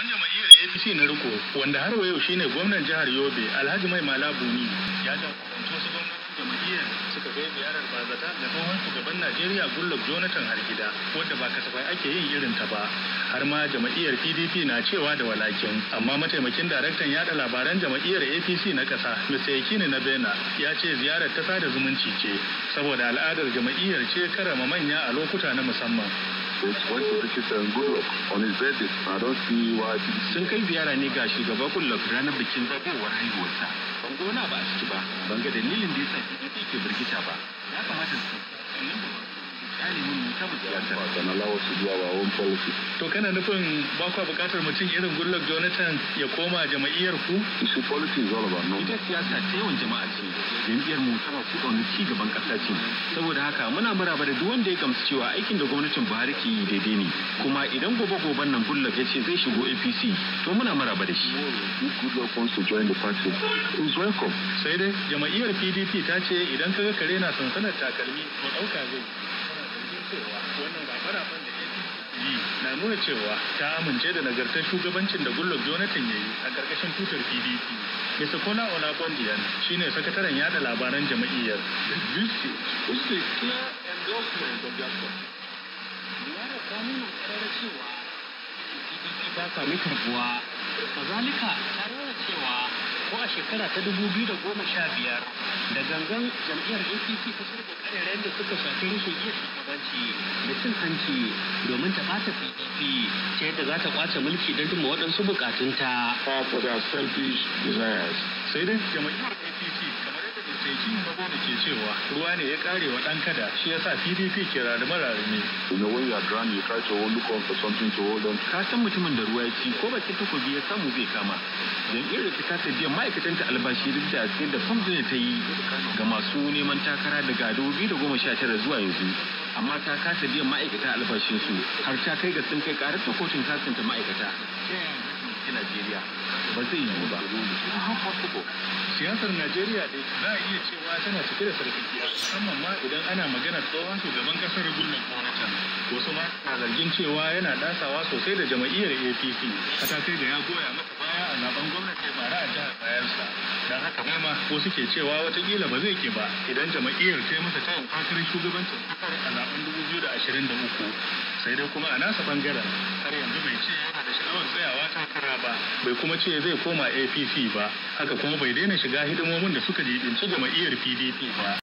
Shugaban jama'iyyar APC na riko wanda har wa yau shine gwamnan jihar Yobe Alhaji Mai Malabuni ya jagoranci wasu gwamnatin jama'iyyar suka kai ziyarar bazata da tsohon shugaban Najeriya gullab Jonathan Hargida wanda ba kasafai ake yin irin ta ba har ma jama'iyyar PDP na cewa da walakin amma mataimakin daraktan yada labaran jama'iyyar APC na ƙasa Mr. Yakini na Bena, ya ce ziyarar ta sada zumunci ce saboda al'adar jama'iyyar ce karama manya a lokuta na musamman state went to visit Dan Gullock on his birthday I don't see why. Sun kai ziyara ne ga shugaba Gullock ranar bikin zagayowar haihuwarsa. Ban gona ba a ciki ba. Ban ga dalilin da ya sa ke birgita ba. Ya kamata su. ɗalibin ta siyasa. To kana nufin ba kwa buƙatar mutum irin Goodluck Jonathan ya koma jama'iyyar ku? Isu policy is ba about Ita siyasa ta yawan jama'a ce. Jam'iyyar mu tana su ƙaunar ci gaban ƙasa ce. Saboda haka muna maraba da duk wanda ya gamsu cewa aikin da gwamnatin Buhari ke yi daidai ne. Kuma idan gobe goben nan Goodluck ya ce zai shigo APC to muna maraba da shi. If join the party, welcome. Sai dai jama'iyyar PDP ta ce idan ga kare na sansanar takalmi mu ɗauka zai. na nuna cewa ta amince da nagartar shugabancin da Goodluck Jonathan ya yi a ƙarƙashin tutar PDP. Mr. Kola shi ne sakataren yada labaran jama'iyyar. ta kazalika ko a shekara ta dubu biyu da goma sha biyar da gangan jam'iyyar APC ta shirya karerayen da suka shafi rashin iya shugabanci da cin hanci domin ta bata PDP ta yadda za ta kwace mulki don duma waɗansu bukatunta. Ta Sai dai jam'iyyar APC teki mago ke cewa ruwa ne ya kare wa ɗan kada shi yasa PDP ke rarrame rarrame. In a way you are drowned you try to look on for something to hold on. Ka san mutumin da ruwa ya ci ko bakin takobi ya samu zai kama. Jam'iyyar da ta kasa biyan ma'aikatan ta albashi duk da sai da famzina ta yi ga masu neman takara daga 2019 zuwa yanzu. amma ta kasa biyan ma'aikata albashinsu har ta kai ga sun kai karar ta kotun kasanta ma'aikata ta Najeriya. ba zai yiwu ba siyasar najeriya dai za a iya cewa tana cike da sarkakiya musamman ma idan ana magana tsohon shugaban kasar gullan kwanatan. wasu ma na zargin cewa yana dasawa sosai da jama'iyyar apc kata sai da ya goya mata baya a zaben gwamnati bara a jihar bayansa da haka ma ma wasu ke cewa watakila ba zai ke ba idan jama'iyyar ta yi masa tayin fatirin shugabancin kasar a zaben 2023 sai dai kuma a nasa bangaren har yanzu bai ce yana yawan tsayawa takara ba bai kuma ce zai koma apc ba haka kuma bai daina shiga hidimomin da suka jibinci jama'iyyar pdp ba